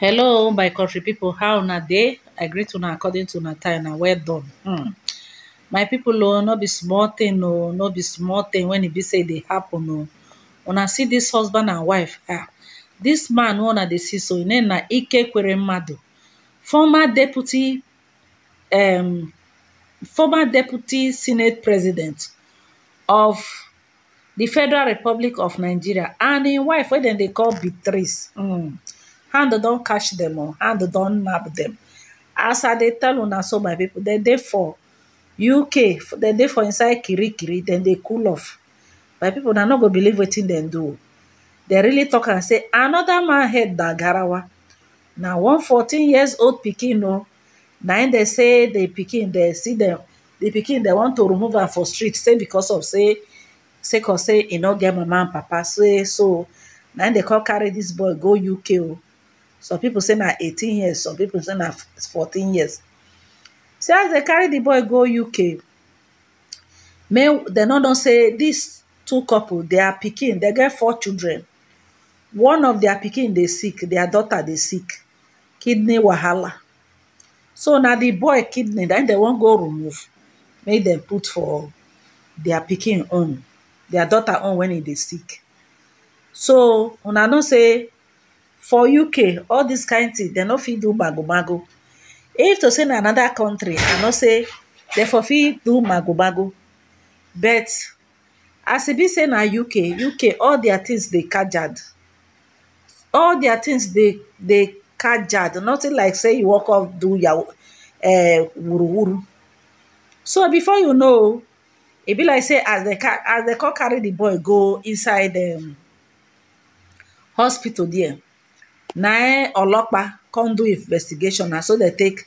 hello my country people. how na day? i greet una according to na time na well done hmm my people o oh, no be small no o no be small tin wen e be say e dey happen When oh. I see this husband and wife ah this man wey of the see so e name na ikekwere mmadụ former deputy um former deputy senate president of the federal republic of nigeria and his wife wey then they call beatrice mm. hand don't catch them, o oh. hand not nab them. as i dey tell on so my people, they dey for uk They dey for inside kirikiri Then they cool off my pipo not going go believe what they do They really talk and say another man head that garawa one one fourteen years old picking oh. no. Then they say they picking. They see them. They picking. They want to remove and for street say because of say say cause say you no get my man papa say so Then they call carry this boy go uk o oh. some people say na 18 years some people say na 14 years see as they carry the boy go uk make dem no don say this two couple they are pikin They get four children one of dia pikin dey sick Their daughter dey sick kidney wahala so na the boy kidney na they dem wan go remove make dem put for dia pikin own their daughter own when e dey sick so una know say for uk all dis kain thing dem no fit do mago-mago if to say na anoda country i know say dem for fit do mago-mago but as e be say na uk uk all their things dey kajad all their things dey kajad nothing like say you work off do your eh, wuruwuru so before you know e be like say as as dem call carry the boy go inside um, hospital there na olopa come do investigation na so they take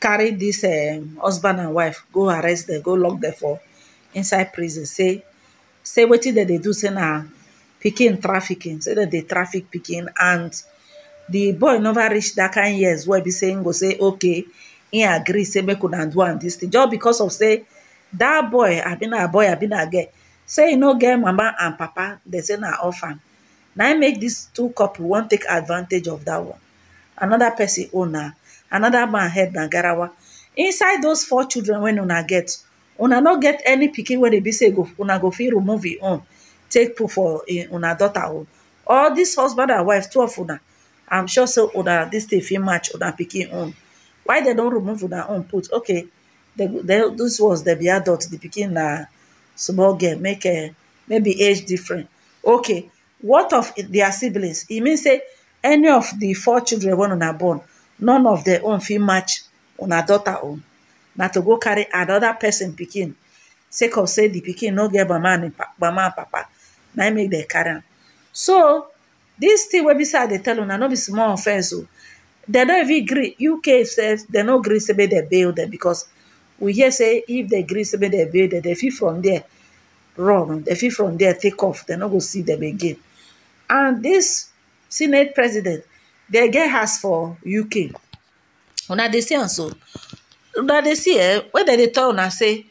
carry this um, husband and wife go arrest them go lock them for inside prison say say wetin they dey do say na pikin trafficking say they dey traffic pikin and the boy nova reach that kind years wey be say him go say okay he agree say make una do am dis thing just because of say dat boy a boy a girl say e no get mama and papa dem say na orphan. Now I make these two couple one take advantage of that one another person. own oh, na anoda man head na garawa inside those four children when una get una not get any picking when they be say go una go feel remove it e on, take proof for eh, una daughter own all these husband and wife two of una i'm sure so una this thing fit match una picking on. why they don't remove una own put okay this was the be adult the picking na small girl make a eh, maybe age different okay worth of their siblings e mean say any of the four children una born none of their own fit match una daughter own na to go carry another person pikin sake of say di pikin no get mama and papa na im make dem carry am so dis thing wey beside dey tell una no be small offense o oh. dem no even gree uk say dem no gree say make dem bail dem becos we hear say if dem gree say make dem bail dem dey fit from there run oh, dem fit from there take off dem no go see dem again. and this senate president dem get house for uk una dey see am so una dey see eh when dem dey tell una say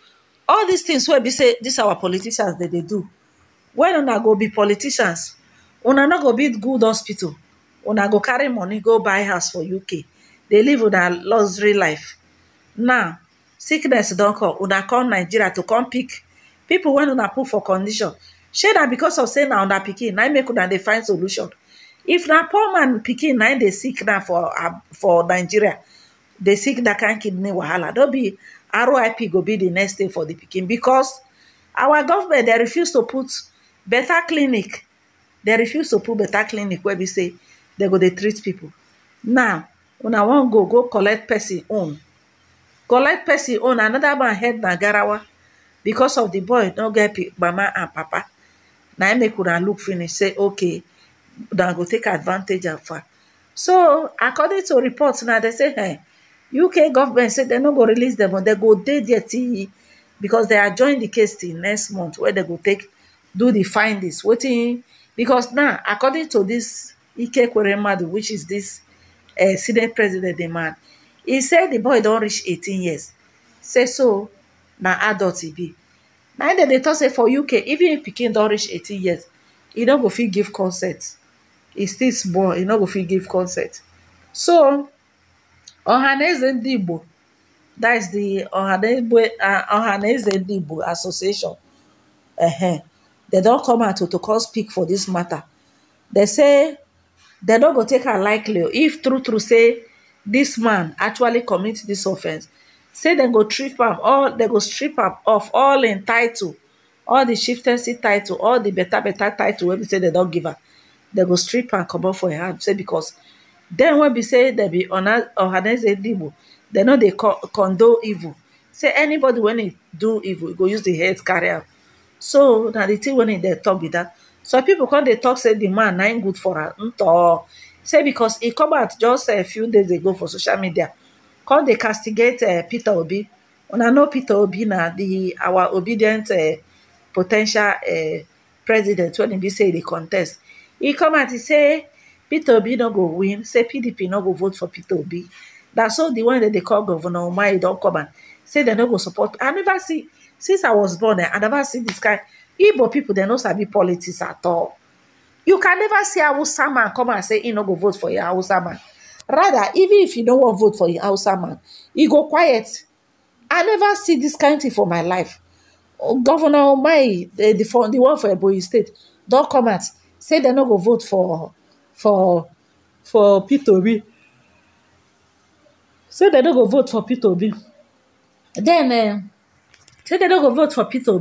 all these things wey be say this our politicians dem dey do when una go be politicians una no go build good hospital una go carry money go buy house for uk dey live una luxury life now sickness don come una come nigeria to come pick pipo wey una put for condition shey na because of say na una pikin na im make una dey find solution if na poor man pikin na im dey sick na for um, for nigeria dey sick that kind kidney wahala no be rip go be the next thing for the pikin because our government dey refuse to put better clinic dey refuse to put better clinic wey be say dem go dey treat people now una wan go go collect person own collect person own another man head na garawa because of the boy no get mama and papa na im make una look finish say okay na go take advantage of her so according to reports now they say hey, uk government say dem no go release them but they go dey there till because are adjourn the case till next month where they go take do the findings waiting because now according to this ike kweremadu which is dis eh, senate president di man e say di boy don't reach 18 years say so na adult e be na im dem dey tok say for uk even if pikin don reach 18 years e no go fit give consent e still small e no go fit give consent so ohaneze ndị igbo that is the ohaneze uh, ndị igbo association uh-huh. dem don come out to to come speak for this matter They say they no go take am likely oh, if true true say this man actually commit this offence say dem go strip am all dem go strip am of all im title all di chieftaincy title all di beta beta title wey be say dem don give am dem go strip am comot for im hand say becos. dem wey be say dem be ohanze igbo dem no dey condone evil say anybodi wey e do evil e go use di head carry am so na di tin wey dem dey tok be dat some pipo come dey tok say di man na im good for am nto say becos e come out just few days ago for social media. come dey castigate eh, peter obi una know peter obi na di our obedient eh, po ten tial eh, president wey dem be say e dey contest e come at me say peter obi no go win say pdp no go vote for peter obi na so di one dem dey call govnor umahi don come out say dem no go support i never see since i was born i never see dis kind igbo people dem no sabi politics at all. you can never see hausa man come out say he no go vote for ye hausa man. rather even if you do want to vote for your outside man you go quiet i never see kind of thing for my life oh, Governor, mai the one for ebonyi state do come out say they dem not go vote for for for peter obi say dem not go vote for peter then uh, say do not go vote for peter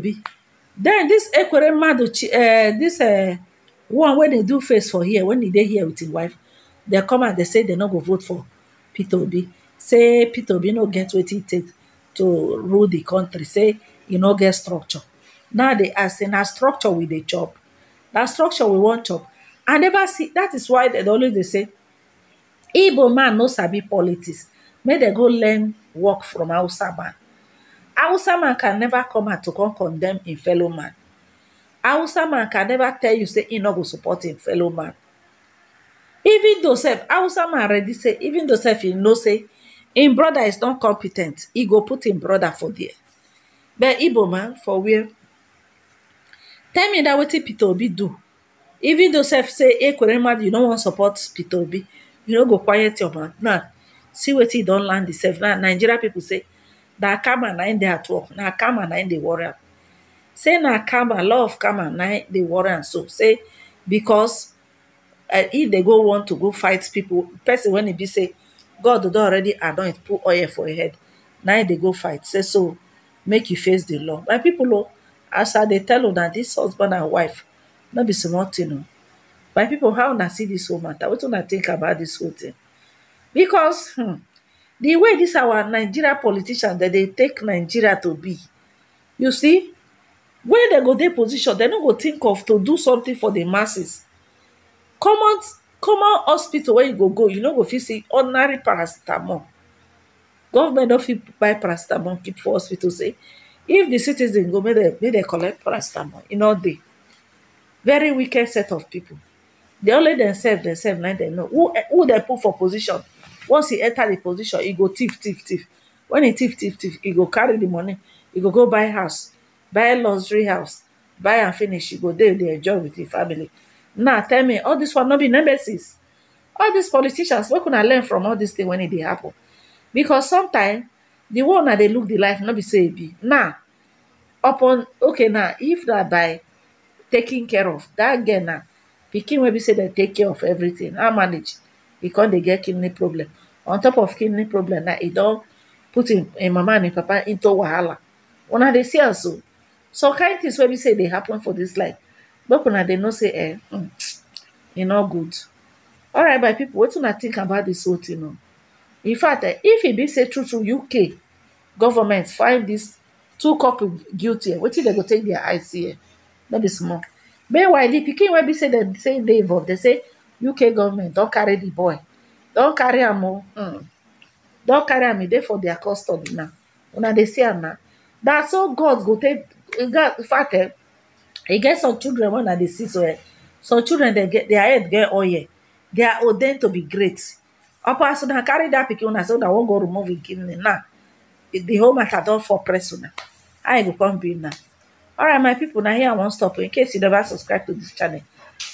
then this ekwere madu uh, eh, uh, eh, one when they do face for here when they dey here with his wife they come and they say they no go vote for peter obi say peter obi no get what e to rule the country say you no get structure now they ask say na structure with a chop That structure we want chop i never see that is why they always they say igbo man no sabi politics May they go learn work from hausa man hausa man can never come out to come condemn a fellow man hausa man can never tell you say he no go support a fellow man even though sef hausa man already say even though sef he know say him brother is not competent He go put him brother for there but igbo man for where tell me that wetin peter obi do even though sef say ekweremadu you no wan support peter obi you no go quiet your mouth now see wetin he don land di sef now nigeria people say na karma na im dey at work na karma na im dey worry am say na karma law of karma na im dey worry am so say because uh, if they go want to go fight people person when e be say god don already anoint put oil for your head Now they go fight say so make you face the law my people oh, as i tell tell that this husband and wife not be smart thing know. Oh. my people how na see this whole I want to think about this whole thing because hmm, the way this our nigeria politicians that they take nigeria to be you see when they go their position they don't go think of to do something for the masses common hospital wey you go go you no go fit see ordinary paracetamol government no fit buy paracetamol keep for hospital say if di citizen go make dem make dem collect paracetamol e no dey. very wicked set of pipu. dey only demsef demsef na dem know who dem put for position once e enter di position e go thief thief wen e thief thief e go carry di money e go go buy house buy luxury house buy am finish e go dey dey enjoy with di family. now tell me all this one not be nemesis all these politicians can I learn from all this thing when it dey happen because sometimes the one that they look the life not be say be now upon okay now if that by taking care of that girl na pikin wey be say they take care of everything I manage because they get kidney problem on top of kidney problem na don't put a mama and papa into wahala When dey see am so some kind things wey be say they happen for this life make una dey know say eh um mm, e no good right, my pipo wetin una think about this whole thing o in fact eh if e be say true true uk government find this two couple guilty eh, wetin they go take their eyes see eh no be small meanwhile di pikin wey be say dem say dey involved dem say uk government don carry the boy don carry am o oh, um mm. don carry am e dey for their custody now una dey see am na na so god go take in fact eh e get some children when na dey see so eh, some children they get their head get oil they are ordained to be great upper so na carry that pikin una say una wan go remove im kidney now the whole matter don for press una how e go come be now alright my people now here i won't stop oh, in case you never subscribe to this channel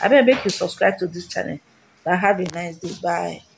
I abeg make you subscribe to this channel na have a nice day bye